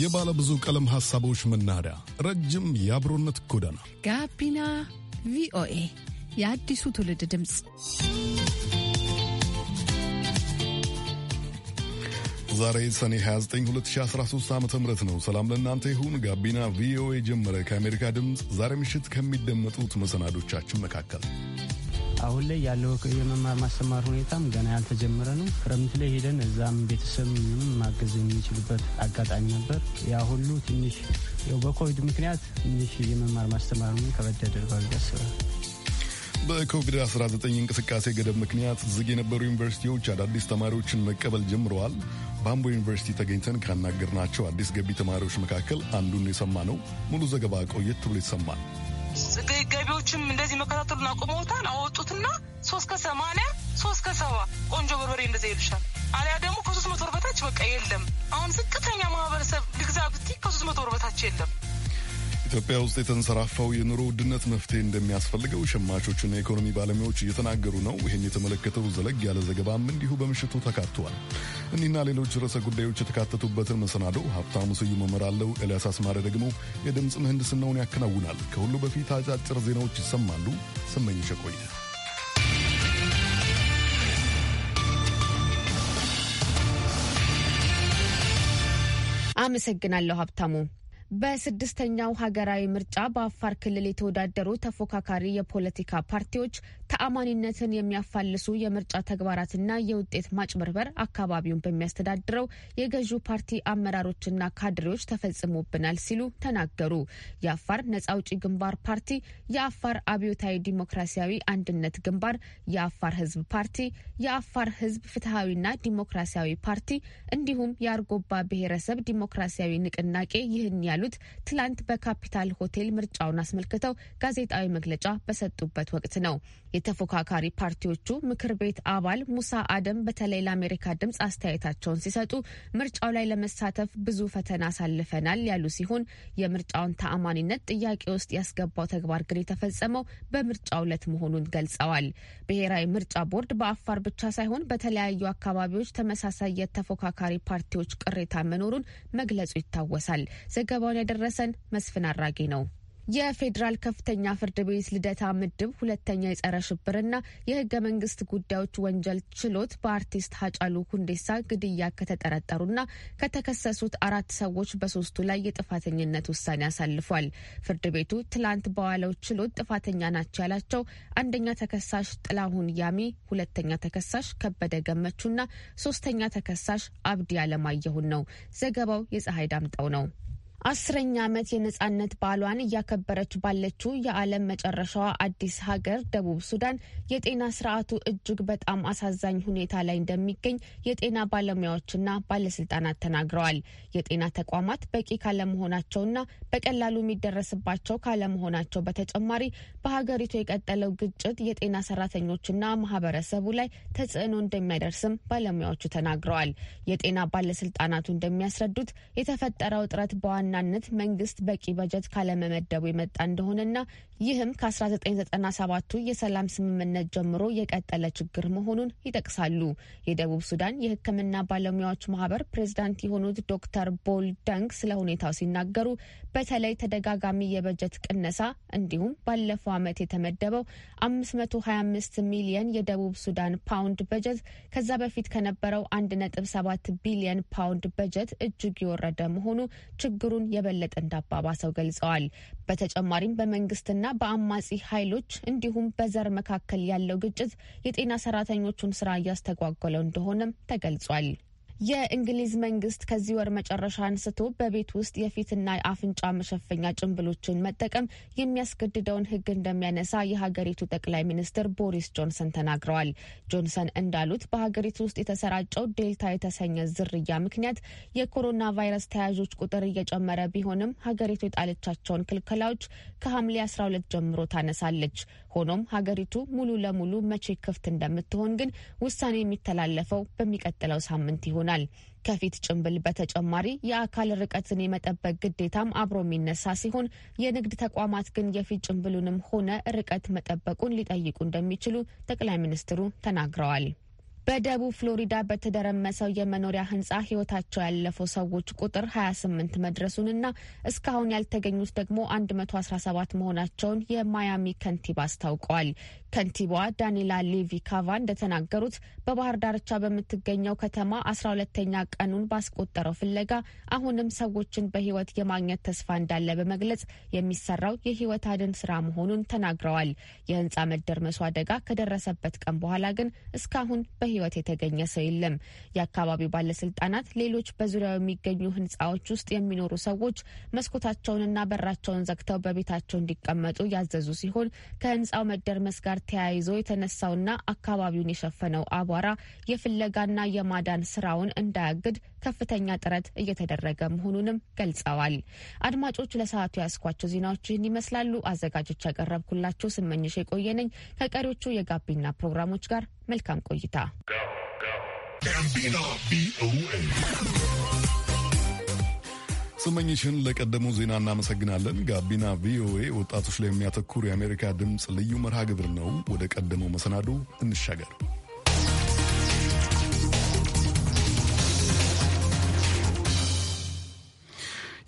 የባለ ብዙ ቀለም ሐሳቦች መናኸሪያ፣ ረጅም የአብሮነት ጎዳና ጋቢና ቪኦኤ የአዲሱ ትውልድ ድምፅ። ዛሬ ሰኔ 29 2013 ዓ ም ነው። ሰላም ለእናንተ ይሁን። ጋቢና ቪኦኤ ጀመረ። ከአሜሪካ ድምፅ ዛሬ ምሽት ከሚደመጡት መሰናዶቻችን መካከል አሁን ላይ ያለው የመማር ማስተማር ሁኔታም ገና ያልተጀመረ ነው። ክረምት ላይ ሄደን እዛም ቤተሰብ ማገዝ የሚችሉበት አጋጣሚ ነበር። ያ ሁሉ ትንሽ በኮቪድ ምክንያት ትንሽ የመማር ማስተማር ከበድ ያደርገዋል ያስባል። በኮቪድ-19 እንቅስቃሴ ገደብ ምክንያት ዝግ የነበሩ ዩኒቨርሲቲዎች አዳዲስ ተማሪዎችን መቀበል ጀምረዋል። በአምቦ ዩኒቨርሲቲ ተገኝተን ካናገርናቸው አዲስ ገቢ ተማሪዎች መካከል አንዱን የሰማ ነው። ሙሉ ዘገባ ቆየት ብሎ ይሰማል። ገቢዎችም እንደዚህ መከታተሉን አቁመውታን አወጡትና ሶስት ከሰማንያ ሶስት ከሰባ ቆንጆ በርበሬ እንደዚ ይልሻል። አሊያ ደግሞ ከሶስት መቶ ወር በታች በቃ የለም። አሁን ዝቅተኛ ማህበረሰብ ልግዛ ብትይ ከሶስት መቶ ወር በታች የለም። ኢትዮጵያ ውስጥ የተንሰራፋው የኑሮ ውድነት መፍትሄ እንደሚያስፈልገው ሸማቾችና የኢኮኖሚ ባለሙያዎች እየተናገሩ ነው። ይህን የተመለከተው ዘለግ ያለ ዘገባም እንዲሁ በምሽቱ ተካቷል። እኒና ሌሎች ርዕሰ ጉዳዮች የተካተቱበትን መሰናዶ ሀብታሙ ስዩም እመራለሁ። ኤልያስ አስማሪ ደግሞ የድምፅ ምህንድስናውን ያከናውናል። ከሁሉ በፊት አጫጭር ዜናዎች ይሰማሉ። ስመኝ ሸቆየ አመሰግናለሁ ሀብታሙ። በስድስተኛው ሀገራዊ ምርጫ በአፋር ክልል የተወዳደሩ ተፎካካሪ የፖለቲካ ፓርቲዎች ተአማኒነትን የሚያፋልሱ የምርጫ ተግባራትና የውጤት ማጭበርበር አካባቢውን በሚያስተዳድረው የገዢው ፓርቲ አመራሮችና ካድሬዎች ተፈጽሞብናል ሲሉ ተናገሩ። የአፋር ነጻ አውጪ ግንባር ፓርቲ፣ የአፋር አብዮታዊ ዲሞክራሲያዊ አንድነት ግንባር፣ የአፋር ህዝብ ፓርቲ፣ የአፋር ህዝብ ፍትሐዊና ዲሞክራሲያዊ ፓርቲ እንዲሁም የአርጎባ ብሔረሰብ ዲሞክራሲያዊ ንቅናቄ ይህን ያሉ እንዳሉት ትላንት በካፒታል ሆቴል ምርጫውን አስመልክተው ጋዜጣዊ መግለጫ በሰጡበት ወቅት ነው። የተፎካካሪ ፓርቲዎቹ ምክር ቤት አባል ሙሳ አደም በተለይ ለአሜሪካ ድምፅ አስተያየታቸውን ሲሰጡ ምርጫው ላይ ለመሳተፍ ብዙ ፈተና አሳልፈናል ያሉ ሲሆን የምርጫውን ተአማኒነት ጥያቄ ውስጥ ያስገባው ተግባር ግን የተፈጸመው በምርጫው ዕለት መሆኑን ገልጸዋል። ብሔራዊ ምርጫ ቦርድ በአፋር ብቻ ሳይሆን በተለያዩ አካባቢዎች ተመሳሳይ የተፎካካሪ ፓርቲዎች ቅሬታ መኖሩን መግለጹ ይታወሳል። ዘገባውን ያደረሰን መስፍን አራጌ ነው። የፌዴራል ከፍተኛ ፍርድ ቤት ልደታ ምድብ ሁለተኛ የጸረ ሽብርና የህገ መንግስት ጉዳዮች ወንጀል ችሎት በአርቲስት ሀጫሉ ሁንዴሳ ግድያ ከተጠረጠሩና ከተከሰሱት አራት ሰዎች በሶስቱ ላይ የጥፋተኝነት ውሳኔ አሳልፏል። ፍርድ ቤቱ ትላንት በዋለው ችሎት ጥፋተኛ ናቸው ያላቸው አንደኛ ተከሳሽ ጥላሁን ያሚ፣ ሁለተኛ ተከሳሽ ከበደ ገመቹና ሶስተኛ ተከሳሽ አብዲ አለማየሁን ነው። ዘገባው የፀሐይ ዳምጠው ነው። አስረኛ ዓመት የነጻነት በዓሏን እያከበረች ባለችው የዓለም መጨረሻዋ አዲስ ሀገር ደቡብ ሱዳን የጤና ስርዓቱ እጅግ በጣም አሳዛኝ ሁኔታ ላይ እንደሚገኝ የጤና ባለሙያዎችና ባለስልጣናት ተናግረዋል። የጤና ተቋማት በቂ ካለመሆናቸውና በቀላሉ የሚደረስባቸው ካለመሆናቸው በተጨማሪ በሀገሪቱ የቀጠለው ግጭት የጤና ሰራተኞችና ማህበረሰቡ ላይ ተጽዕኖ እንደሚያደርስም ባለሙያዎቹ ተናግረዋል። የጤና ባለስልጣናቱ እንደሚያስረዱት የተፈጠረው እጥረት በዋና በዋናነት መንግስት በቂ በጀት ካለመመደቡ የመጣ እንደሆነና ይህም ከ1997ቱ የሰላም ስምምነት ጀምሮ የቀጠለ ችግር መሆኑን ይጠቅሳሉ። የደቡብ ሱዳን የሕክምና ባለሙያዎች ማህበር ፕሬዚዳንት የሆኑት ዶክተር ቦል ደንግ ስለ ሁኔታው ሲናገሩ በተለይ ተደጋጋሚ የበጀት ቅነሳ እንዲሁም ባለፈው ዓመት የተመደበው 525 ሚሊየን የደቡብ ሱዳን ፓውንድ በጀት ከዛ በፊት ከነበረው 1.7 ቢሊየን ፓውንድ በጀት እጅግ የወረደ መሆኑ ችግሩን የበለጠ እንዳባባሰው ገልጸዋል። በተጨማሪም በመንግስትና በአማጺ ኃይሎች እንዲሁም በዘር መካከል ያለው ግጭት የጤና ሰራተኞቹን ስራ እያስተጓጎለው እንደሆነም ተገልጿል። የእንግሊዝ መንግስት ከዚህ ወር መጨረሻ አንስቶ በቤት ውስጥ የፊትና የአፍንጫ መሸፈኛ ጭንብሎችን መጠቀም የሚያስገድደውን ሕግ እንደሚያነሳ የሀገሪቱ ጠቅላይ ሚኒስትር ቦሪስ ጆንሰን ተናግረዋል። ጆንሰን እንዳሉት በሀገሪቱ ውስጥ የተሰራጨው ዴልታ የተሰኘ ዝርያ ምክንያት የኮሮና ቫይረስ ተያዦች ቁጥር እየጨመረ ቢሆንም ሀገሪቱ የጣለቻቸውን ክልከላዎች ከሐምሌ 12 ጀምሮ ታነሳለች። ሆኖም ሀገሪቱ ሙሉ ለሙሉ መቼ ክፍት እንደምትሆን ግን ውሳኔ የሚተላለፈው በሚቀጥለው ሳምንት ይሆናል። ይሆናል። ከፊት ጭንብል በተጨማሪ የአካል ርቀትን የመጠበቅ ግዴታም አብሮ የሚነሳ ሲሆን የንግድ ተቋማት ግን የፊት ጭንብሉንም ሆነ ርቀት መጠበቁን ሊጠይቁ እንደሚችሉ ጠቅላይ ሚኒስትሩ ተናግረዋል። በደቡብ ፍሎሪዳ በተደረመሰው የመኖሪያ ህንፃ ህይወታቸው ያለፈው ሰዎች ቁጥር 28 መድረሱንና እስካሁን ያልተገኙት ደግሞ 117 መሆናቸውን የማያሚ ከንቲባ አስታውቀዋል። ከንቲባዋ ዳኒላ ሌቪ ካቫ እንደተናገሩት በባህር ዳርቻ በምትገኘው ከተማ አስራ ሁለተኛ ቀኑን ባስቆጠረው ፍለጋ አሁንም ሰዎችን በህይወት የማግኘት ተስፋ እንዳለ በመግለጽ የሚሰራው የህይወት አድን ስራ መሆኑን ተናግረዋል። የህንፃ መደርመሱ አደጋ ከደረሰበት ቀን በኋላ ግን እስካሁን በህይወት የተገኘ ሰው የለም። የአካባቢው ባለስልጣናት ሌሎች በዙሪያው የሚገኙ ህንፃዎች ውስጥ የሚኖሩ ሰዎች መስኮታቸውንና በራቸውን ዘግተው በቤታቸው እንዲቀመጡ ያዘዙ ሲሆን ከህንፃው መደርመስ ጋር ተያይዞ የተነሳውና አካባቢውን የሸፈነው አቧራ የፍለጋና የማዳን ስራውን እንዳያግድ ከፍተኛ ጥረት እየተደረገ መሆኑንም ገልጸዋል። አድማጮች ለሰዓቱ ያስኳቸው ዜናዎች ይህን ይመስላሉ። አዘጋጆች ያቀረብኩላችሁ ስመኝሽ የቆየነኝ ከቀሪዎቹ የጋቢና ፕሮግራሞች ጋር መልካም ቆይታ። ስመኝሽን ለቀደመው ዜና እናመሰግናለን። ጋቢና ቪኦኤ ወጣቶች ላይ የሚያተኩር የአሜሪካ ድምፅ ልዩ መርሃ ግብር ነው። ወደ ቀደመው መሰናዶ እንሻገር።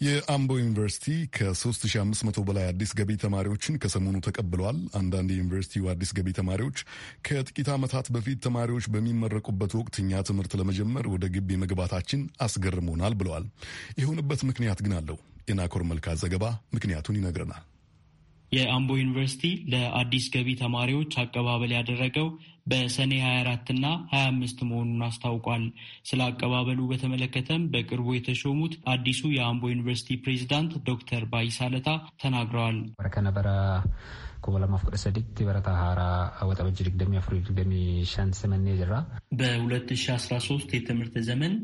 የአምቦ ዩኒቨርሲቲ ከ3500 በላይ አዲስ ገቢ ተማሪዎችን ከሰሞኑ ተቀብለዋል። አንዳንድ የዩኒቨርሲቲው አዲስ ገቢ ተማሪዎች ከጥቂት ዓመታት በፊት ተማሪዎች በሚመረቁበት ወቅት እኛ ትምህርት ለመጀመር ወደ ግቢ መግባታችን አስገርሞናል ብለዋል። የሆነበት ምክንያት ግን አለው። የናኮር መልካ ዘገባ ምክንያቱን ይነግረናል። የአምቦ ዩኒቨርሲቲ ለአዲስ ገቢ ተማሪዎች አቀባበል ያደረገው በሰኔ 24 እና 25 መሆኑን አስታውቋል። ስለ አቀባበሉ በተመለከተም በቅርቡ የተሾሙት አዲሱ የአምቦ ዩኒቨርሲቲ ፕሬዚዳንት ዶክተር ባይሳለታ ተናግረዋል። ከነበረ በ2013 የትምህርት ዘመን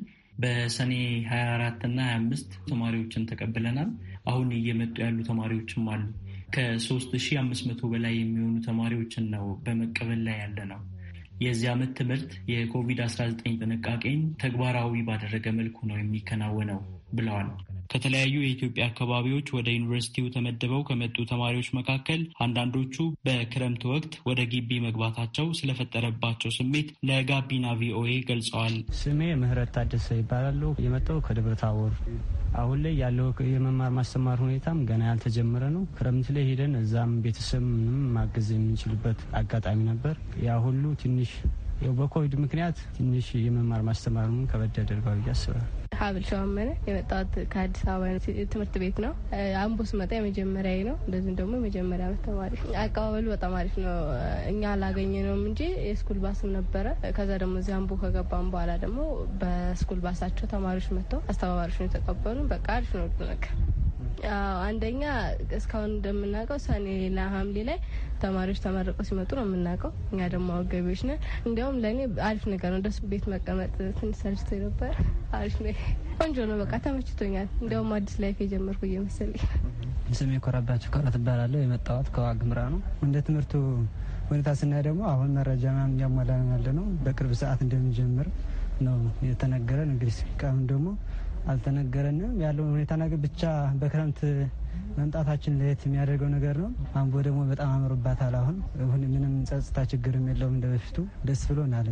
በሰኔ 24 እና 25 ተማሪዎችን ተቀብለናል። አሁን እየመጡ ያሉ ተማሪዎችም አሉ። ከ3500 በላይ የሚሆኑ ተማሪዎችን ነው በመቀበል ላይ ያለ ነው። የዚህ ዓመት ትምህርት የኮቪድ-19 ጥንቃቄን ተግባራዊ ባደረገ መልኩ ነው የሚከናወነው ብለዋል። ከተለያዩ የኢትዮጵያ አካባቢዎች ወደ ዩኒቨርሲቲው ተመድበው ከመጡ ተማሪዎች መካከል አንዳንዶቹ በክረምት ወቅት ወደ ግቢ መግባታቸው ስለፈጠረባቸው ስሜት ለጋቢና ቪኦኤ ገልጸዋል። ስሜ ምህረት ታደሰ ይባላሉ። የመጣው ከደብረ ታቦር አሁን ላይ ያለው የመማር ማስተማር ሁኔታም ገና ያልተጀመረ ነው። ክረምት ላይ ሄደን እዛም ምንም ማገዝ የምንችልበት አጋጣሚ ነበር። ያ ሁሉ ትንሽ ያው በኮቪድ ምክንያት ትንሽ የመማር ማስተማሩን ከበድ ያደርገዋል ብዬ አስባለሁ። ሀብል ሸዋመነ የመጣሁት ከአዲስ አበባ ትምህርት ቤት ነው። አምቦ ስመጣ የመጀመሪያ ነው። እንደዚሁም ደግሞ የመጀመሪያ ዓመት ተማሪ። አቀባበሉ በጣም አሪፍ ነው። እኛ አላገኘ ነውም እንጂ የስኩል ባስም ነበረ። ከዛ ደግሞ እዚህ አምቦ ከገባም በኋላ ደግሞ በስኩል ባሳቸው ተማሪዎች መጥተው አስተባባሪዎች ነው የተቀበሉ። በቃ አሪፍ ነው ነገር አንደኛ እስካሁን እንደምናውቀው ሰኔና ሐምሌ ላይ ተማሪዎች ተመርቀው ሲመጡ ነው የምናውቀው። እኛ ደግሞ አወገቢዎች ነን። እንዲያውም ለእኔ አሪፍ ነገር ነው። እንደሱ ቤት መቀመጥ ትንሽ ሰልችቶ ነበር። አሪፍ ነ ቆንጆ ነው። በቃ ተመችቶኛል። እንዲያውም አዲስ ላይፍ የጀመርኩ እየመሰለኝ። ስሜ ኮረባቸው ከረት እባላለሁ። የመጣሁት ከዋግምራ ነው። እንደ ትምህርቱ ሁኔታ ስናይ ደግሞ አሁን መረጃ ምናምን እያሟላን ያለ ነው። በቅርብ ሰዓት እንደሚጀምር ነው የተነገረን። እንግዲህ ሲቃም ደግሞ አልተነገረንም። ያለውን ሁኔታ ነገር ብቻ በክረምት መምጣታችን ለየት የሚያደርገው ነገር ነው። አምቦ ደግሞ በጣም አምሮባታል። አሁን ምንም ጸጥታ ችግርም የለውም። እንደ በፊቱ ደስ ብሎናል።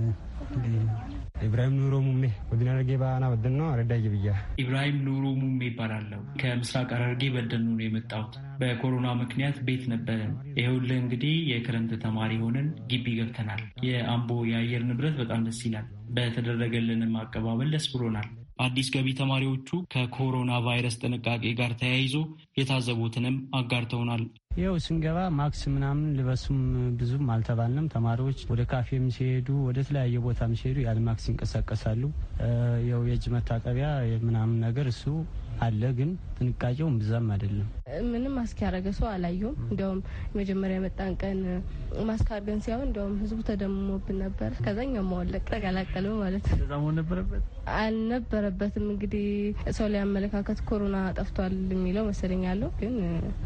ኢብራሂም ኑሮ ሙሜ ወዲን ርጌ ባና በደን ነው አረዳዬ ኢብራሂም ኑሮ ሙሜ ይባላለሁ። ከምስራቅ አረርጌ በደኑ ነው የመጣሁት። በኮሮና ምክንያት ቤት ነበረን። ይኸውልህ እንግዲህ የክረምት ተማሪ ሆነን ግቢ ገብተናል። የአምቦ የአየር ንብረት በጣም ደስ ይላል። በተደረገልንም አቀባበል ደስ ብሎናል። አዲስ ገቢ ተማሪዎቹ ከኮሮና ቫይረስ ጥንቃቄ ጋር ተያይዞ የታዘቡትንም አጋርተውናል። ይኸው ስንገባ ማክስ ምናምን ልበሱም ብዙም አልተባልንም። ተማሪዎች ወደ ካፌም ሲሄዱ ወደ ተለያየ ቦታም ሲሄዱ ያለ ማክስ ይንቀሳቀሳሉ። ይኸው የእጅ መታጠቢያ ምናምን ነገር እሱ አለ፣ ግን ጥንቃቄው ብዛም አይደለም። ምንም ማስክ ያደረገ ሰው አላየውም እንዲያውም የመጀመሪያ የመጣን ቀን ማስክ አድርገን ሲያሆን እንዲያውም ህዝቡ ተደምሞብን ነበር። ከዛኛው መወለቅ ተቀላቀለ ማለት ነበረበት አልነበረበትም። እንግዲህ ሰው ላይ አመለካከት ኮሮና ጠፍቷል የሚለው መሰለኝ ያለው ግን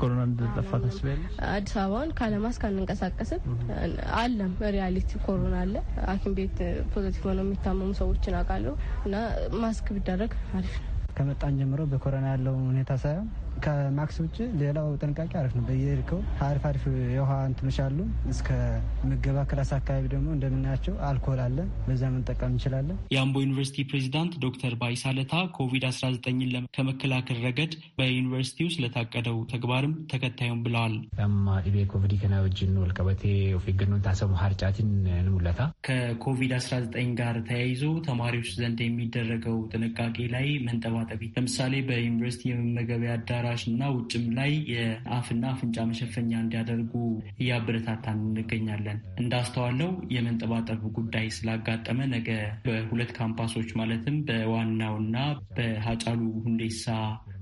ኮሮና እንደጠፋ ታስቢያለሽ? አዲስ አበባውን ካለ ማስክ አንንቀሳቀስም። አለም ሪያሊቲ ኮሮና አለ። ሐኪም ቤት ፖዘቲቭ ሆነው የሚታመሙ ሰዎችን አውቃለሁ እና ማስክ ቢደረግ አሪፍ ነው። ከመጣን ጀምሮ በኮረና ያለው ሁኔታ ሳይሆን ከማክስ ውጭ ሌላው ጥንቃቄ አሪፍ ነው። በየርከው አሪፍ አሪፍ የውሃ እንትኖች አሉ። እስከ ምገባ ክላስ አካባቢ ደግሞ እንደምናያቸው አልኮል አለ። በዛ መጠቀም እንችላለን። የአምቦ ዩኒቨርሲቲ ፕሬዚዳንት ዶክተር ባይሳ ለታ ኮቪድ-19ን ከመከላከል ረገድ ውስጥ ለታቀደው ተግባርም ተከታዩም ብለዋል። ከኮቪድ-19 ጋር ተያይዞ ተማሪዎች ዘንድ የሚደረገው ጥንቃቄ ላይ መንጠባጠቢ ለምሳሌ በዩኒቨርሲቲ የመመገቢያ አዳራሽ እና ውጭም ላይ የአፍና አፍንጫ መሸፈኛ እንዲያደርጉ እያበረታታን እንገኛለን። እንዳስተዋለው የመንጠባጠብ ጉዳይ ስላጋጠመ ነገ በሁለት ካምፓሶች ማለትም በዋናውና በሀጫሉ ሁንዴሳ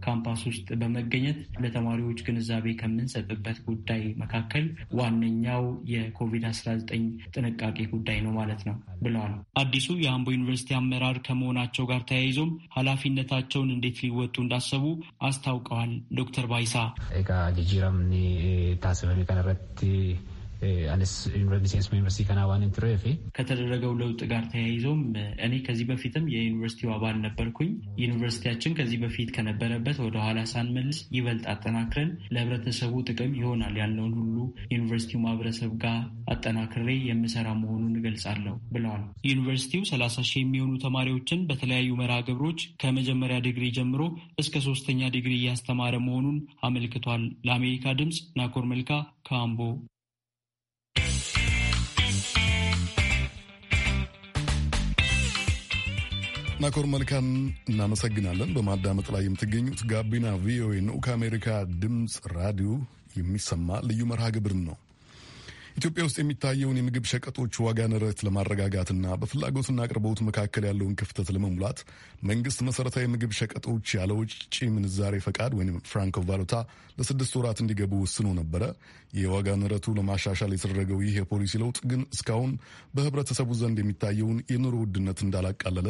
ካምፓስ ውስጥ በመገኘት ለተማሪዎች ግንዛቤ ከምንሰጥበት ጉዳይ መካከል ዋነኛው የኮቪድ-19 ጥንቃቄ ጉዳይ ነው ማለት ነው ብለዋል። አዲሱ የአምቦ ዩኒቨርሲቲ አመራር ከመሆናቸው ጋር ተያይዞም ኃላፊነታቸውን እንዴት ሊወጡ እንዳሰቡ አስታውቀዋል። ዶክተር ባይሳ ጂረምኒ ታስበሚ ከነረት ከተደረገው ለውጥ ጋር ተያይዞም እኔ ከዚህ በፊትም የዩኒቨርሲቲው አባል ነበርኩኝ። ዩኒቨርሲቲያችን ከዚህ በፊት ከነበረበት ወደኋላ ሳንመልስ ይበልጥ አጠናክረን ለህብረተሰቡ ጥቅም ይሆናል ያለውን ሁሉ ዩኒቨርሲቲው ማህበረሰብ ጋር አጠናክሬ የምሰራ መሆኑን እገልጻለሁ ብለዋል። ዩኒቨርሲቲው ሰላሳ ሺህ የሚሆኑ ተማሪዎችን በተለያዩ መርሃ ግብሮች ከመጀመሪያ ዲግሪ ጀምሮ እስከ ሶስተኛ ዲግሪ እያስተማረ መሆኑን አመልክቷል። ለአሜሪካ ድምፅ ናኮር መልካ ከአምቦ ናኮር መልካም እናመሰግናለን። በማዳመጥ ላይ የምትገኙት ጋቢና ቪኦኤ ነው። ከአሜሪካ ድምፅ ራዲዮ የሚሰማ ልዩ መርሃ ግብርን ነው። ኢትዮጵያ ውስጥ የሚታየውን የምግብ ሸቀጦች ዋጋ ንረት ለማረጋጋትና በፍላጎትና አቅርቦት መካከል ያለውን ክፍተት ለመሙላት መንግስት መሰረታዊ የምግብ ሸቀጦች ያለ ውጭ ምንዛሬ ፈቃድ ወይም ፍራንኮ ቫሉታ ለስድስት ወራት እንዲገቡ ወስኖ ነበረ። የዋጋ ንረቱ ለማሻሻል የተደረገው ይህ የፖሊሲ ለውጥ ግን እስካሁን በህብረተሰቡ ዘንድ የሚታየውን የኑሮ ውድነት እንዳላቃለለ፣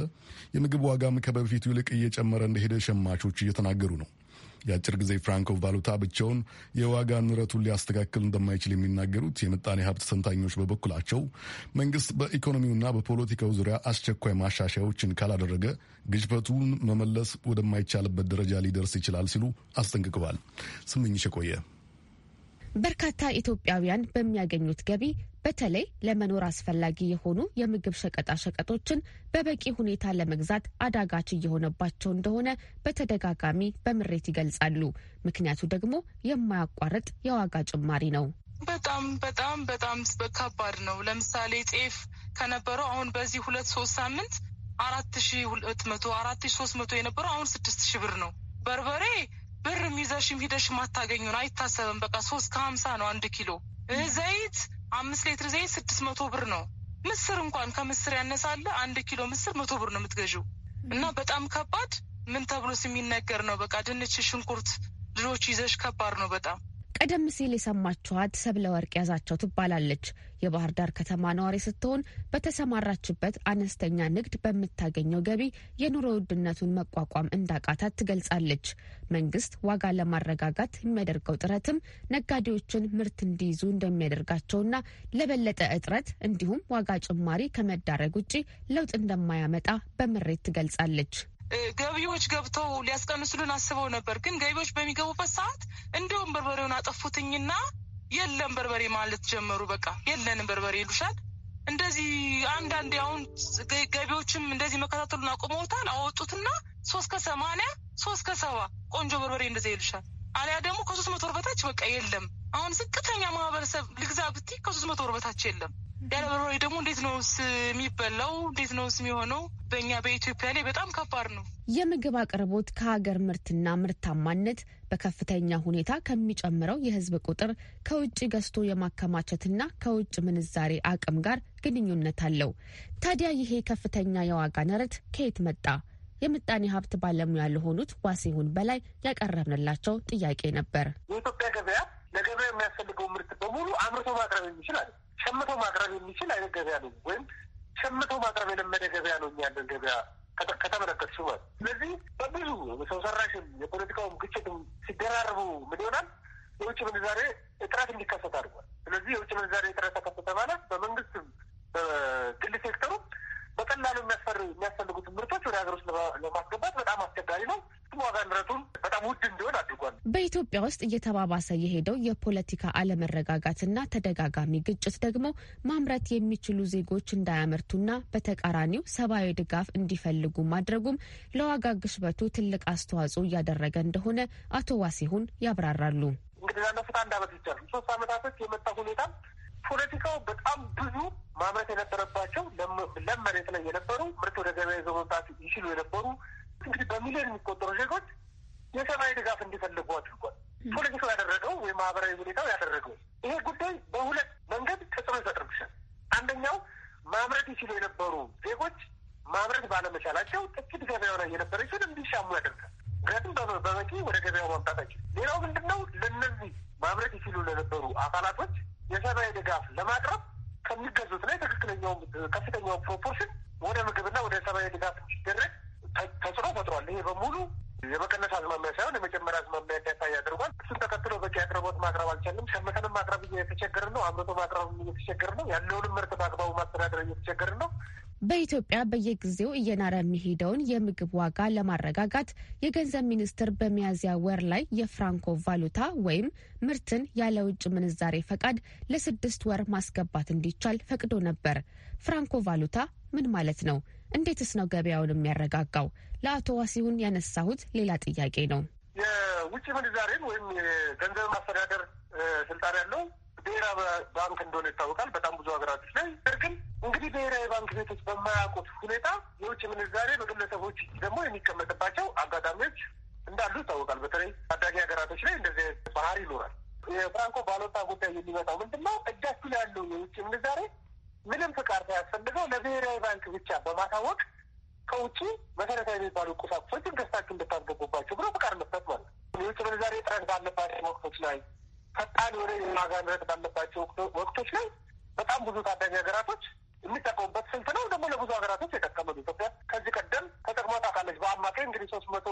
የምግብ ዋጋም ከበፊቱ ይልቅ እየጨመረ እንደሄደ ሸማቾች እየተናገሩ ነው። የአጭር ጊዜ ፍራንኮ ቫሉታ ብቻውን የዋጋ ንረቱን ሊያስተካክል እንደማይችል የሚናገሩት የምጣኔ ሀብት ተንታኞች በበኩላቸው መንግስት በኢኮኖሚውና በፖለቲካው ዙሪያ አስቸኳይ ማሻሻያዎችን ካላደረገ ግሽበቱን መመለስ ወደማይቻልበት ደረጃ ሊደርስ ይችላል ሲሉ አስጠንቅቀዋል። ስምኝሽ ቆየ በርካታ ኢትዮጵያውያን በሚያገኙት ገቢ በተለይ ለመኖር አስፈላጊ የሆኑ የምግብ ሸቀጣ ሸቀጦችን በበቂ ሁኔታ ለመግዛት አዳጋች እየሆነባቸው እንደሆነ በተደጋጋሚ በምሬት ይገልጻሉ። ምክንያቱ ደግሞ የማያቋርጥ የዋጋ ጭማሪ ነው። በጣም በጣም በጣም ከባድ ነው። ለምሳሌ ጤፍ ከነበረው አሁን በዚህ ሁለት ሶስት ሳምንት አራት ሺ ሁለት መቶ አራት ሺ ሶስት መቶ የነበረው አሁን ስድስት ሺ ብር ነው። በርበሬ ብርም ይዘሽም ሂደሽም አታገኙን አይታሰብም። በቃ ሶስት ከሀምሳ ነው አንድ ኪሎ ዘይት አምስት ሌትር ዘይት ስድስት መቶ ብር ነው። ምስር እንኳን ከምስር ያነሳለ አንድ ኪሎ ምስር መቶ ብር ነው የምትገዥው እና በጣም ከባድ ምን ተብሎ የሚነገር ነው። በቃ ድንች፣ ሽንኩርት ልጆች ይዘሽ ከባድ ነው በጣም ቀደም ሲል የሰማችኋት ሰብለ ወርቅ ያዛቸው ትባላለች። የባህር ዳር ከተማ ነዋሪ ስትሆን በተሰማራችበት አነስተኛ ንግድ በምታገኘው ገቢ የኑሮ ውድነቱን መቋቋም እንዳቃታት ትገልጻለች። መንግስት ዋጋ ለማረጋጋት የሚያደርገው ጥረትም ነጋዴዎችን ምርት እንዲይዙ እንደሚያደርጋቸውና ለበለጠ እጥረት እንዲሁም ዋጋ ጭማሪ ከመዳረግ ውጭ ለውጥ እንደማያመጣ በምሬት ትገልጻለች። ገቢዎች ገብተው ሊያስቀንሱልን አስበው ነበር። ግን ገቢዎች በሚገቡበት ሰዓት እንደውም በርበሬውን አጠፉትኝና የለም በርበሬ ማለት ጀመሩ። በቃ የለንም በርበሬ ይሉሻል። እንደዚህ አንዳንድ አሁን ገቢዎችም እንደዚህ መከታተሉን አቁመውታል። አወጡትና ሶስት ከሰማንያ ሶስት ከሰባ ቆንጆ በርበሬ እንደዚህ ይሉሻል። አሊያ ደግሞ ከሶስት መቶ ብር በታች በቃ የለም አሁን ዝቅተኛ ማህበረሰብ ልግዛ ብቲ ከሶስት መቶ ወር በታች የለም። ያለ በርበሬ ደግሞ እንዴት ነውስ የሚበላው? እንዴት ነውስ የሚሆነው? በእኛ በኢትዮጵያ ላይ በጣም ከባድ ነው። የምግብ አቅርቦት ከሀገር ምርትና ምርታማነት በከፍተኛ ሁኔታ ከሚጨምረው የህዝብ ቁጥር ከውጭ ገዝቶ የማከማቸትና ከውጭ ምንዛሬ አቅም ጋር ግንኙነት አለው። ታዲያ ይሄ ከፍተኛ የዋጋ ንረት ከየት መጣ? የምጣኔ ሀብት ባለሙያ ለሆኑት ዋሲሁን በላይ ያቀረብንላቸው ጥያቄ ነበር። የኢትዮጵያ ገበያ በሙሉ አምርቶ ማቅረብ የሚችል አለ ሸምቶ ማቅረብ የሚችል አይነት ገበያ ነው ወይም ሸምቶ ማቅረብ የለመደ ገበያ ነው ያለን ገበያ ከተመለከት ሲሆን ስለዚህ በብዙ ሰው ሰራሽም የፖለቲካውም ግጭትም ሲደራርቡ ምን ይሆናል የውጭ ምንዛሬ እጥረት እንዲከሰት አድርጓል። ስለዚህ የውጭ ምንዛሬ እጥረት ተከሰተ ማለት በመንግስትም በግል ሴክተሩም በቀላሉ የሚያስፈር የሚያስፈልጉትን ምርቶች ወደ ሀገር ውስጥ ለማስገባት በጣም አስቸጋሪ ነው። ዋጋ ንረቱን በጣም ውድ እንዲሆን አድርጓል። በኢትዮጵያ ውስጥ እየተባባሰ የሄደው የፖለቲካ አለመረጋጋትና ተደጋጋሚ ግጭት ደግሞ ማምረት የሚችሉ ዜጎች እንዳያመርቱና በተቃራኒው ሰብአዊ ድጋፍ እንዲፈልጉ ማድረጉም ለዋጋ ግሽበቱ ትልቅ አስተዋጽኦ እያደረገ እንደሆነ አቶ ዋሲሁን ያብራራሉ። እንግዲህ ላለፉት አንድ አመት ይቻል ሶስት አመታቶች የመጣ ሁኔታ ፖለቲካው በጣም ብዙ ማምረት የነበረባቸው ለም መሬት ላይ የነበሩ ምርት ወደ ገበያ ይዘው መምጣት ይችሉ የነበሩ እንግዲህ በሚሊዮን የሚቆጠሩ ዜጎች የሰብአዊ ድጋፍ እንዲፈልጉ አድርጓል። ፖለቲካው ያደረገው ወይም ማህበራዊ ሁኔታው ያደረገው ይሄ ጉዳይ በሁለት መንገድ ተጽዕኖ ይፈጥርብሻል። አንደኛው ማምረት ይችሉ የነበሩ ዜጎች ማምረት ባለመቻላቸው ጥቂት ገበያው ላይ የነበረችውን እንዲሻሙ ያደርጋል። ምክንያቱም በበቂ ወደ ገበያው ማምጣታቸው። ሌላው ምንድነው? ለእነዚህ ማምረት ይችሉ ለነበሩ አካላቶች የሰብአዊ ድጋፍ ለማቅረብ ከሚገዙት ላይ ትክክለኛው ከፍተኛው ፕሮፖርሽን ወደ ምግብና ወደ ሰብአዊ ድጋፍ እንዲደረግ ተጽዕኖ ፈጥሯል። ይሄ በሙሉ የመቀነስ አዝማሚያ ሳይሆን የመጨመሪያ አዝማሚያ እንዳይታይ አድርጓል። እሱን ተከትሎ በቂ አቅርቦት ማቅረብ አልቻለም። ሸምተንም ማቅረብ እየተቸገርን ነው። አምርቶ ማቅረብ እየተቸገርን ነው። ያለውንም ምርት በአግባቡ ማስተዳደር እየተቸገርን ነው። በኢትዮጵያ በየጊዜው እየናረ የሚሄደውን የምግብ ዋጋ ለማረጋጋት የገንዘብ ሚኒስቴር በሚያዝያ ወር ላይ የፍራንኮ ቫሉታ ወይም ምርትን ያለ ውጭ ምንዛሬ ፈቃድ ለስድስት ወር ማስገባት እንዲቻል ፈቅዶ ነበር። ፍራንኮ ቫሉታ ምን ማለት ነው? እንዴትስ ነው ገበያውን የሚያረጋጋው? ለአቶ ዋሲሁን ያነሳሁት ሌላ ጥያቄ ነው። የውጭ ምንዛሬን ወይም የገንዘብ ማስተዳደር ስልጣን ያለው ብሔራዊ ባንክ እንደሆነ ይታወቃል። በጣም ብዙ ሀገራቶች ላይ ግን እንግዲህ ብሔራዊ ባንክ ቤቶች በማያውቁት ሁኔታ የውጭ ምንዛሬ በግለሰቦች ደግሞ የሚቀመጥባቸው አጋጣሚዎች እንዳሉ ይታወቃል። በተለይ ታዳጊ ሀገራቶች ላይ እንደዚህ ባህሪ ይኖራል። የፍራንኮ ባሎታ ጉዳይ የሚመጣው ምንድን ነው? እጃችሁ ላይ ያለው የውጭ ምንዛሬ ምንም ፍቃድ ሳያስፈልገው ለብሔራዊ ባንክ ብቻ በማሳወቅ ከውጭ መሰረታዊ የሚባሉ ቁሳቁሶችን ገዝታችሁ እንድታስገቡባቸው ብሎ ፍቃድ መስጠት ማለት የውጭ ምንዛሬ ጥረት ባለባቸው ወቅቶች ላይ ፈጣን የሆነ የዋጋ ባለባቸው ወቅቶች ላይ በጣም ብዙ ታዳጊ ሀገራቶች የሚጠቀሙበት ስልት ነው። ደግሞ ለብዙ ሀገራቶች የጠቀመ ኢትዮጵያ ከዚህ ቀደም ተጠቅማ ታውቃለች። በአማካይ እንግዲህ ሶስት መቶ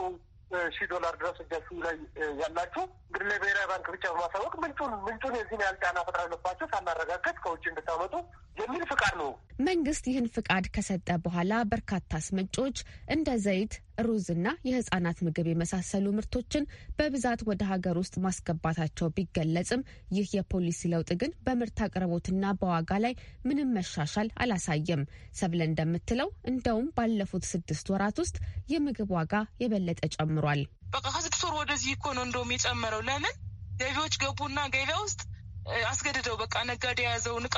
ሺህ ዶላር ድረስ እጃችሁ ላይ ያላችሁ እንግዲህ ለብሔራዊ ባንክ ብቻ በማሳወቅ ምንጩን ምንጩን የዚህን ያህል ጫና ፈጥራለባቸው ሳናረጋገጥ ከውጭ እንድታመጡ የሚል ፍቃድ ነው። መንግስት ይህን ፍቃድ ከሰጠ በኋላ በርካታ አስመጪዎች እንደ ዘይት፣ ሩዝና የህጻናት ምግብ የመሳሰሉ ምርቶችን በብዛት ወደ ሀገር ውስጥ ማስገባታቸው ቢገለጽም ይህ የፖሊሲ ለውጥ ግን በምርት አቅርቦትና በዋጋ ላይ ምንም መሻሻል አላሳየም። ሰብለ እንደምትለው እንደውም ባለፉት ስድስት ወራት ውስጥ የምግብ ዋጋ የበለጠ ጨምሯል። በቃ ከስድስት ወር ወደዚህ እኮ ነው እንደውም የጨመረው። ለምን ገቢዎች ገቡና ገቢያ ውስጥ አስገድደው በቃ ነጋዴ የያዘውን እቃ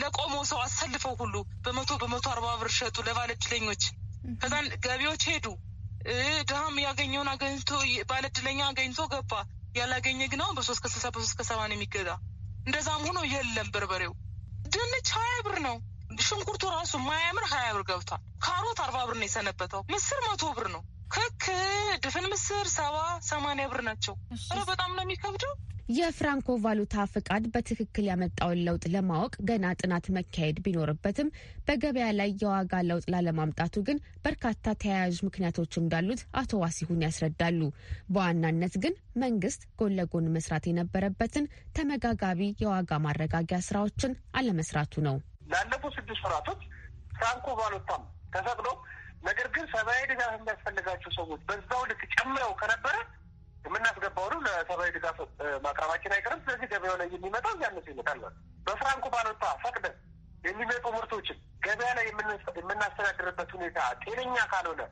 ለቆመው ሰው አሰልፈው ሁሉ በመቶ በመቶ አርባ ብር ሸጡ ለባለድለኞች ከዛን ገቢዎች ሄዱ። ድሃም ያገኘውን አገኝቶ ባለድለኛ አገኝቶ ገባ። ያላገኘ ግን አሁን በሶስት ከስልሳ በሶስት ከሰባ ነው የሚገዛ። እንደዛም ሆኖ የለም በርበሬው ድንች ሀያ ብር ነው። ሽንኩርቱ ራሱ ማያምር ሀያ ብር ገብቷል። ካሮት አርባ ብር ነው የሰነበተው። ምስር መቶ ብር ነው። ክክ ድፍን ምስር ሰባ ሰማንያ ብር ናቸው። ኧረ በጣም ነው የሚከብደው። የፍራንኮ ቫሉታ ፍቃድ በትክክል ያመጣውን ለውጥ ለማወቅ ገና ጥናት መካሄድ ቢኖርበትም በገበያ ላይ የዋጋ ለውጥ ላለማምጣቱ ግን በርካታ ተያያዥ ምክንያቶች እንዳሉት አቶ ዋሲሁን ያስረዳሉ። በዋናነት ግን መንግስት ጎን ለጎን መስራት የነበረበትን ተመጋጋቢ የዋጋ ማረጋጊያ ስራዎችን አለመስራቱ ነው። ላለፉት ስድስት ወራቶች ፍራንኮ ቫሉታም ተፈቅዶ ነገር ግን ሰብአዊ ድጋፍ የሚያስፈልጋቸው ሰዎች በዛው ልክ ጨምረው ከነበረ የምናስገባው ነው ለሰብአዊ ድጋፍ ማቅረባችን አይቀርም። ስለዚህ ገበያው ላይ የሚመጣው እያነሱ ይመጣል ማለት በፍራንኮ ባኖታ ፈቅደን የሚመጡ ምርቶችን ገበያ ላይ የምናስተዳድርበት ሁኔታ ጤነኛ ካልሆነ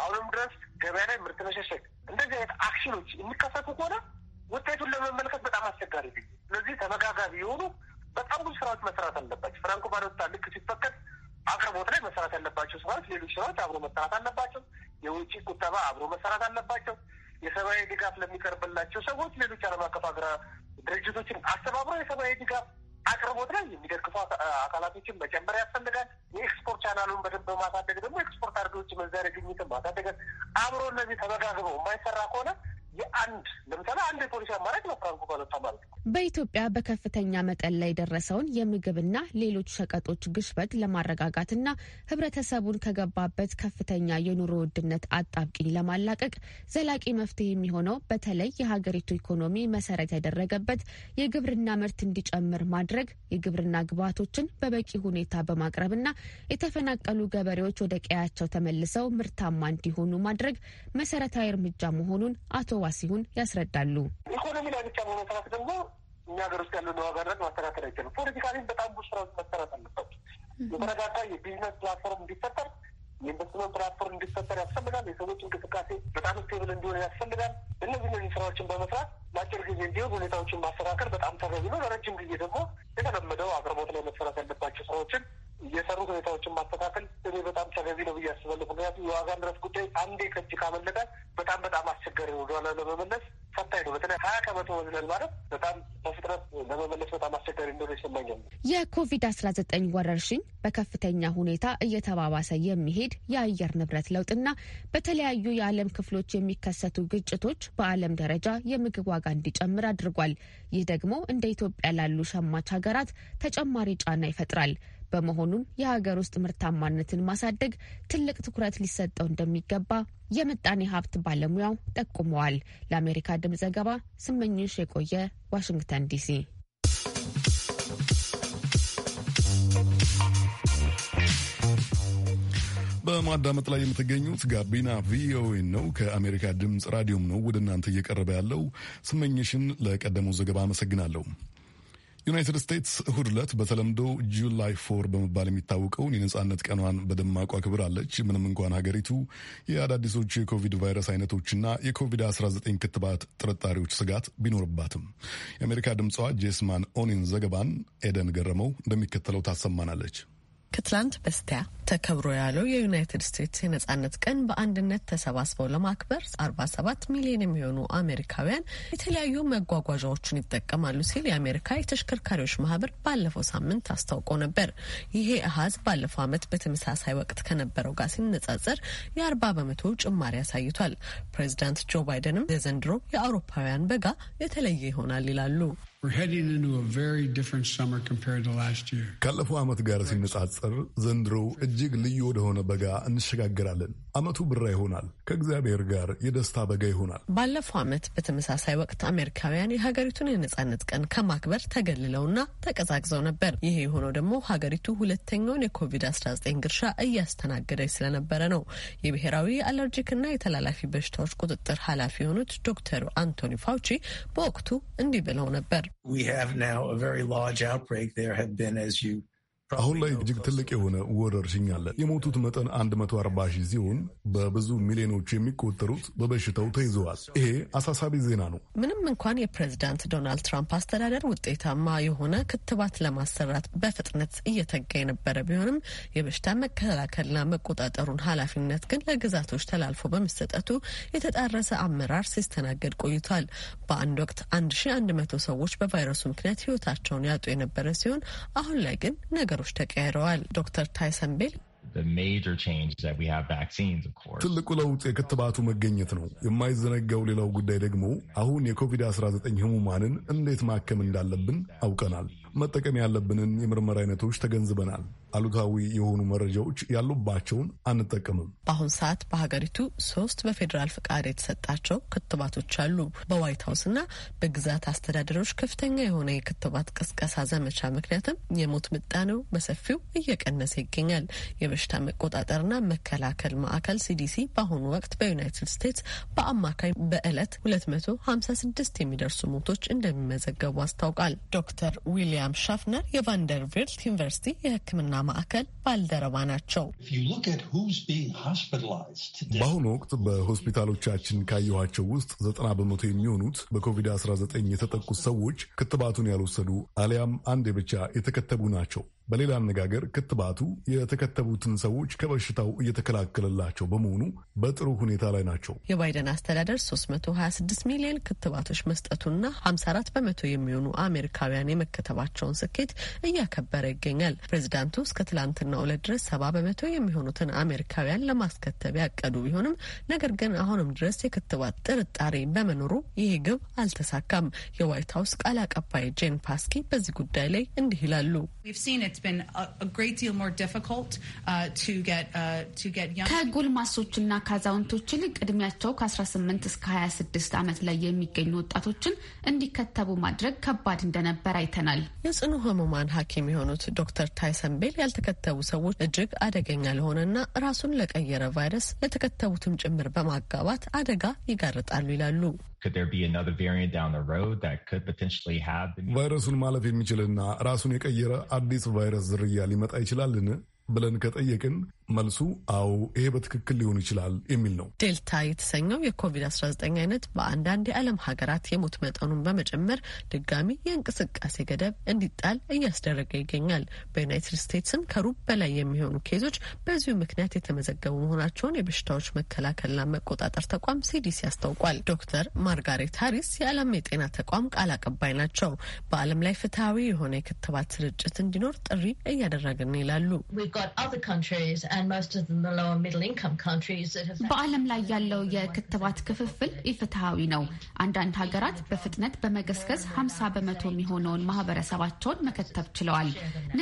አሁንም ድረስ ገበያ ላይ ምርት መሸሸግ እንደዚህ አይነት አክሽኖች የሚከሰቱ ከሆነ ውጤቱን ለመመልከት በጣም አስቸጋሪ ስለዚህ ተመጋጋቢ የሆኑ በጣም ብዙ ስራዎች መስራት አለባቸው። ፍራንኮ ባኖታ ልክ ሲፈቀድ አቅርቦት ላይ መሰራት ያለባቸው ስራዎች፣ ሌሎች ስራዎች አብሮ መሰራት አለባቸው። የውጭ ቁጠባ አብሮ መሰራት አለባቸው። የሰብአዊ ድጋፍ ለሚቀርብላቸው ሰዎች ሌሎች ዓለም አቀፍ ሀገራ ድርጅቶችን አስተባብሮ የሰብአዊ ድጋፍ አቅርቦት ላይ የሚደግፉ አካላቶችን መጨመር ያስፈልጋል። የኤክስፖርት ቻናሉን በደንብ በማሳደግ ደግሞ ኤክስፖርት አድርገዎች መዛሪያ ግኝትን ማሳደጋል። አብሮ እነዚህ ተመጋግበው የማይሰራ ከሆነ የአንድ ለምሳሌ አንድ የፖሊሲ አማራጭ ነው ፍራንኮ ቫሉታ ማለት ነው። በኢትዮጵያ በከፍተኛ መጠን ላይ የደረሰውን የምግብና ሌሎች ሸቀጦች ግሽበት ለማረጋጋትና ህብረተሰቡን ከገባበት ከፍተኛ የኑሮ ውድነት አጣብቂኝ ለማላቀቅ ዘላቂ መፍትሄ የሚሆነው በተለይ የሀገሪቱ ኢኮኖሚ መሰረት ያደረገበት የግብርና ምርት እንዲጨምር ማድረግ የግብርና ግብዓቶችን በበቂ ሁኔታ በማቅረብና የተፈናቀሉ ገበሬዎች ወደ ቀያቸው ተመልሰው ምርታማ እንዲሆኑ ማድረግ መሰረታዊ እርምጃ መሆኑን አቶ ሲሆን ያስረዳሉ። ኢኮኖሚ ላይ ብቻ በመሰረት ደግሞ እኛ ሀገር ውስጥ ያለውን ዋጋ ንረት ማስተካከል አይችልም። ፖለቲካሊም በጣም ብዙ ስራ መሰረት አለበት። የተረጋጋ የቢዝነስ ፕላትፎርም እንዲፈጠር፣ የኢንቨስትመንት ፕላትፎርም እንዲፈጠር ያስፈልጋል። የሰዎች እንቅስቃሴ በጣም ስቴብል እንዲሆን ያስፈልጋል። እነዚህ እነዚህ ስራዎችን በመስራት በአጭር ጊዜ እንዲሆን ሁኔታዎችን ማስተካከል በጣም ተገቢ ነው። ለረጅም ጊዜ ደግሞ የተለመደው አቅርቦት ላይ መሰራት ያለባቸው ስራዎችን እየሰሩት ሁኔታዎችን ማስተካከል እኔ በጣም ተገቢ ነው ብዬ አስባለሁ። ምክንያቱም የዋጋ ንረት ጉዳይ አንዴ ከእጅ ካመለጠ በጣም በጣም አስቸጋሪ ነው፣ ወደኋላ ለመመለስ ፈታኝ ነው። በተለይ ሀያ ከመቶ ወዝለል ማለት በጣም በፍጥነት ለመመለስ በጣም አስቸጋሪ እንደሆነ ይሰማኛል። የኮቪድ አስራ ዘጠኝ ወረርሽኝ በከፍተኛ ሁኔታ እየተባባሰ የሚሄድ የአየር ንብረት ለውጥና በተለያዩ የዓለም ክፍሎች የሚከሰቱ ግጭቶች በዓለም ደረጃ የምግብ ዋጋ እንዲጨምር አድርጓል። ይህ ደግሞ እንደ ኢትዮጵያ ላሉ ሸማች ሀገራት ተጨማሪ ጫና ይፈጥራል። በመሆኑም የሀገር ውስጥ ምርታማነትን ማሳደግ ትልቅ ትኩረት ሊሰጠው እንደሚገባ የምጣኔ ሀብት ባለሙያው ጠቁመዋል። ለአሜሪካ ድምፅ ዘገባ ስመኝሽ የቆየ ዋሽንግተን ዲሲ። በማዳመጥ ላይ የምትገኙት ጋቢና ቪኦኤ ነው፣ ከአሜሪካ ድምፅ ራዲዮም ነው ወደ እናንተ እየቀረበ ያለው። ስመኝሽን ለቀደመው ዘገባ አመሰግናለሁ። ዩናይትድ ስቴትስ እሁድ ዕለት በተለምዶ ጁላይ ፎር በመባል የሚታወቀውን የነጻነት ቀኗን በደማቁ አክብራለች። ምንም እንኳን ሀገሪቱ የአዳዲሶቹ የኮቪድ ቫይረስ አይነቶችና የኮቪድ-19 ክትባት ጥርጣሬዎች ስጋት ቢኖርባትም የአሜሪካ ድምፅዋ ጄስማን ኦኒን ዘገባን ኤደን ገረመው እንደሚከተለው ታሰማናለች። ከትላንት በስቲያ ተከብሮ ያለው የዩናይትድ ስቴትስ የነጻነት ቀን በአንድነት ተሰባስበው ለማክበር 47 ሚሊዮን የሚሆኑ አሜሪካውያን የተለያዩ መጓጓዣዎችን ይጠቀማሉ ሲል የአሜሪካ የተሽከርካሪዎች ማህበር ባለፈው ሳምንት አስታውቆ ነበር። ይሄ አሀዝ ባለፈው ዓመት በተመሳሳይ ወቅት ከነበረው ጋር ሲነጻጸር የ40 በመቶ ጭማሪ አሳይቷል። ፕሬዚዳንት ጆ ባይደንም የዘንድሮ የአውሮፓውያን በጋ የተለየ ይሆናል ይላሉ። ካለፈው ዓመት ጋር ሲነጻጸር ዘንድሮ እጅግ ልዩ ወደሆነ በጋ እንሸጋግራለን። ዓመቱ ብራ ይሆናል። ከእግዚአብሔር ጋር የደስታ በጋ ይሆናል። ባለፈው ዓመት በተመሳሳይ ወቅት አሜሪካውያን የሀገሪቱን የነጻነት ቀን ከማክበር ተገልለውና ተቀዛቅዘው ነበር። ይሄ የሆነው ደግሞ ሀገሪቱ ሁለተኛውን የኮቪድ-19 ግርሻ እያስተናገደች ስለነበረ ነው። የብሔራዊ አለርጂክና የተላላፊ በሽታዎች ቁጥጥር ኃላፊ የሆኑት ዶክተር አንቶኒ ፋውቺ በወቅቱ እንዲህ ብለው ነበር። we have now a very large outbreak. There have been, as you አሁን ላይ እጅግ ትልቅ የሆነ ወረርሽኝ አለ። የሞቱት መጠን 140 ሺህ ሲሆን በብዙ ሚሊዮኖች የሚቆጠሩት በበሽታው ተይዘዋል። ይሄ አሳሳቢ ዜና ነው። ምንም እንኳን የፕሬዚዳንት ዶናልድ ትራምፕ አስተዳደር ውጤታማ የሆነ ክትባት ለማሰራት በፍጥነት እየተጋ የነበረ ቢሆንም የበሽታ መከላከልና መቆጣጠሩን ኃላፊነት ግን ለግዛቶች ተላልፎ በመሰጠቱ የተጣረሰ አመራር ሲስተናገድ ቆይቷል። በአንድ ወቅት 1100 ሰዎች በቫይረሱ ምክንያት ህይወታቸውን ያጡ የነበረ ሲሆን አሁን ላይ ግን ነገ ነገሮች ተቀያይረዋል። ዶክተር ታይሰን ቤል ትልቁ ለውጥ የክትባቱ መገኘት ነው። የማይዘነጋው ሌላው ጉዳይ ደግሞ አሁን የኮቪድ-19 ህሙማንን እንዴት ማከም እንዳለብን አውቀናል። መጠቀም ያለብንን የምርመራ አይነቶች ተገንዝበናል። አሉታዊ የሆኑ መረጃዎች ያሉባቸውን አንጠቀምም። በአሁን ሰዓት በሀገሪቱ ሶስት በፌዴራል ፍቃድ የተሰጣቸው ክትባቶች አሉ። በዋይት ሀውስና በግዛት አስተዳደሮች ከፍተኛ የሆነ የክትባት ቅስቀሳ ዘመቻ ምክንያትም የሞት ምጣኔው በሰፊው እየቀነሰ ይገኛል። የበሽታ መቆጣጠርና መከላከል ማዕከል ሲዲሲ በአሁኑ ወቅት በዩናይትድ ስቴትስ በአማካይ በዕለት 256 የሚደርሱ ሞቶች እንደሚመዘገቡ አስታውቃል። ዶክተር ዊሊያም ሻፍነር የቫንደርቬልት ዩኒቨርሲቲ የህክምና። የጤና ማዕከል ባልደረባ ናቸው። በአሁኑ ወቅት በሆስፒታሎቻችን ካየኋቸው ውስጥ ዘጠና በመቶ የሚሆኑት በኮቪድ-19 የተጠቁት ሰዎች ክትባቱን ያልወሰዱ አሊያም አንዴ ብቻ የተከተቡ ናቸው። በሌላ አነጋገር ክትባቱ የተከተቡትን ሰዎች ከበሽታው እየተከላከለላቸው በመሆኑ በጥሩ ሁኔታ ላይ ናቸው። የባይደን አስተዳደር 326 ሚሊዮን ክትባቶች መስጠቱና 54 በመቶ የሚሆኑ አሜሪካውያን የመከተባቸውን ስኬት እያከበረ ይገኛል። ፕሬዚዳንቱ እስከ ትላንትና ዕለት ድረስ 70 በመቶ የሚሆኑትን አሜሪካውያን ለማስከተብ ያቀዱ ቢሆንም ነገር ግን አሁንም ድረስ የክትባት ጥርጣሬ በመኖሩ ይህ ግብ አልተሳካም። የዋይት ሀውስ ቃል አቀባይ ጄን ፓስኪ በዚህ ጉዳይ ላይ እንዲህ ይላሉ። ከጎልማሶችና ከአዛውንቶች ይልቅ ዕድሜያቸው ከ18 እስከ 26 ዓመት ላይ የሚገኙ ወጣቶችን እንዲከተቡ ማድረግ ከባድ እንደነበር አይተናል። የጽኑ ህሙማን ሀኪም የሆኑት ዶክተር ታይሰን ቤል ያልተከተቡ ሰዎች እጅግ አደገኛ ለሆነና ራሱን ለቀየረ ቫይረስ ለተከተቡትም ጭምር በማጋባት አደጋ ይጋርጣሉ ይላሉ። could there be another variant down the road that could potentially have ቫይረሱን ማለፍ የሚችልና ራሱን የቀየረ አዲስ ቫይረስ ዝርያ ሊመጣ ይችላልን? ብለን ከጠየቅን መልሱ አዎ፣ ይሄ በትክክል ሊሆን ይችላል የሚል ነው። ዴልታ የተሰኘው የኮቪድ-19 አይነት በአንዳንድ የዓለም ሀገራት የሞት መጠኑን በመጨመር ድጋሚ የእንቅስቃሴ ገደብ እንዲጣል እያስደረገ ይገኛል። በዩናይትድ ስቴትስም ከሩብ በላይ የሚሆኑ ኬዞች በዚሁ ምክንያት የተመዘገቡ መሆናቸውን የበሽታዎች መከላከልና መቆጣጠር ተቋም ሲዲሲ አስታውቋል። ዶክተር ማርጋሬት ሃሪስ የዓለም የጤና ተቋም ቃል አቀባይ ናቸው። በዓለም ላይ ፍትሐዊ የሆነ የክትባት ስርጭት እንዲኖር ጥሪ እያደረግን ይላሉ። በዓለም ላይ ያለው የክትባት ክፍፍል ኢፍትሐዊ ነው። አንዳንድ ሀገራት በፍጥነት በመገስገስ 50 በመቶ የሚሆነውን ማህበረሰባቸውን መከተብ ችለዋል።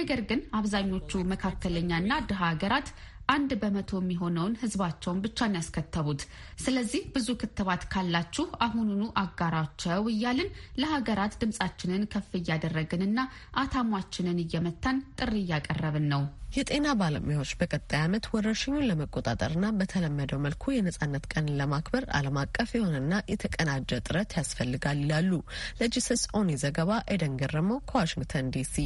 ነገር ግን አብዛኞቹ መካከለኛና ድሃ ሀገራት አንድ በመቶ የሚሆነውን ህዝባቸውን ብቻን ያስከተቡት። ስለዚህ ብዙ ክትባት ካላችሁ አሁኑኑ አጋራቸው እያልን ለሀገራት ድምጻችንን ከፍ እያደረግንና አታሟችንን እየመታን ጥሪ እያቀረብን ነው። የጤና ባለሙያዎች በቀጣይ ዓመት ወረርሽኙን ለመቆጣጠርና በተለመደው መልኩ የነጻነት ቀንን ለማክበር ዓለም አቀፍ የሆነና የተቀናጀ ጥረት ያስፈልጋል ይላሉ። ለጂሰስ ኦኒ ዘገባ ኤደን ገረመው ከዋሽንግተን ዲሲ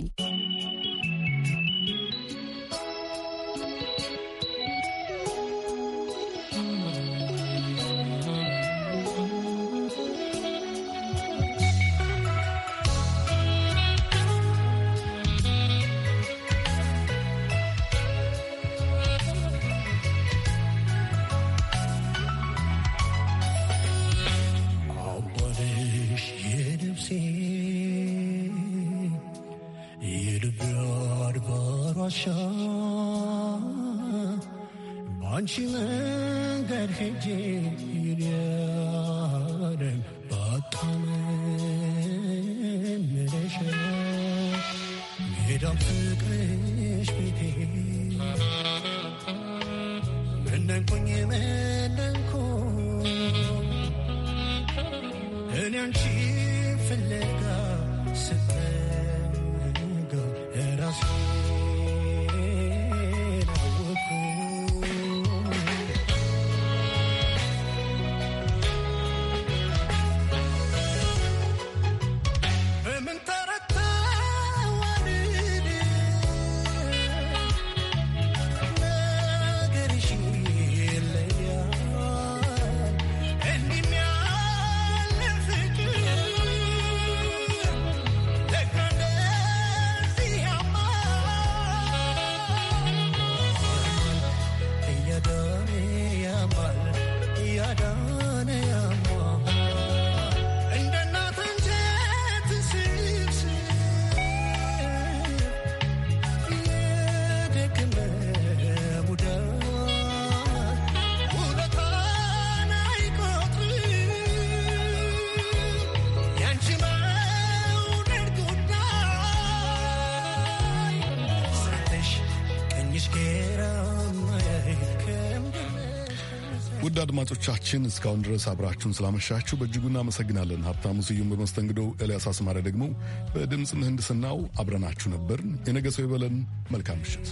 አድማጮቻችን እስካሁን ድረስ አብራችሁን ስላመሻችሁ በእጅጉ እናመሰግናለን። ሀብታሙ ስዩም በመስተንግዶ፣ ኤልያስ አስማሪያ ደግሞ በድምፅ ምህንድስናው አብረናችሁ ነበር የነገ ሰው ይበለን። መልካም ምሽት።